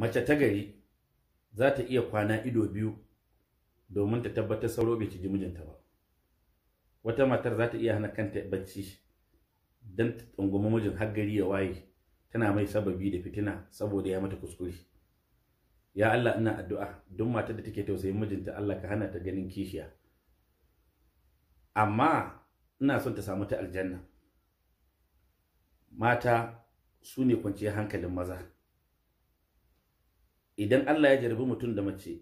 mace ta gari za ta iya kwana ido biyu domin ta tabbatar sauro bai ciji mijinta ba wata matar za ta iya hana kanta bacci don ta tsungumi mijin har gari ya waye tana mai sababi da fitina saboda ya mata kuskure ya Allah ina addu'a duk matar da take tausayin mijinta Allah ka hana ta ganin kishiya amma ina son ta samu ta aljanna mata su ne kwanciyar hankalin maza idan Allah ya jarabi mutum da mace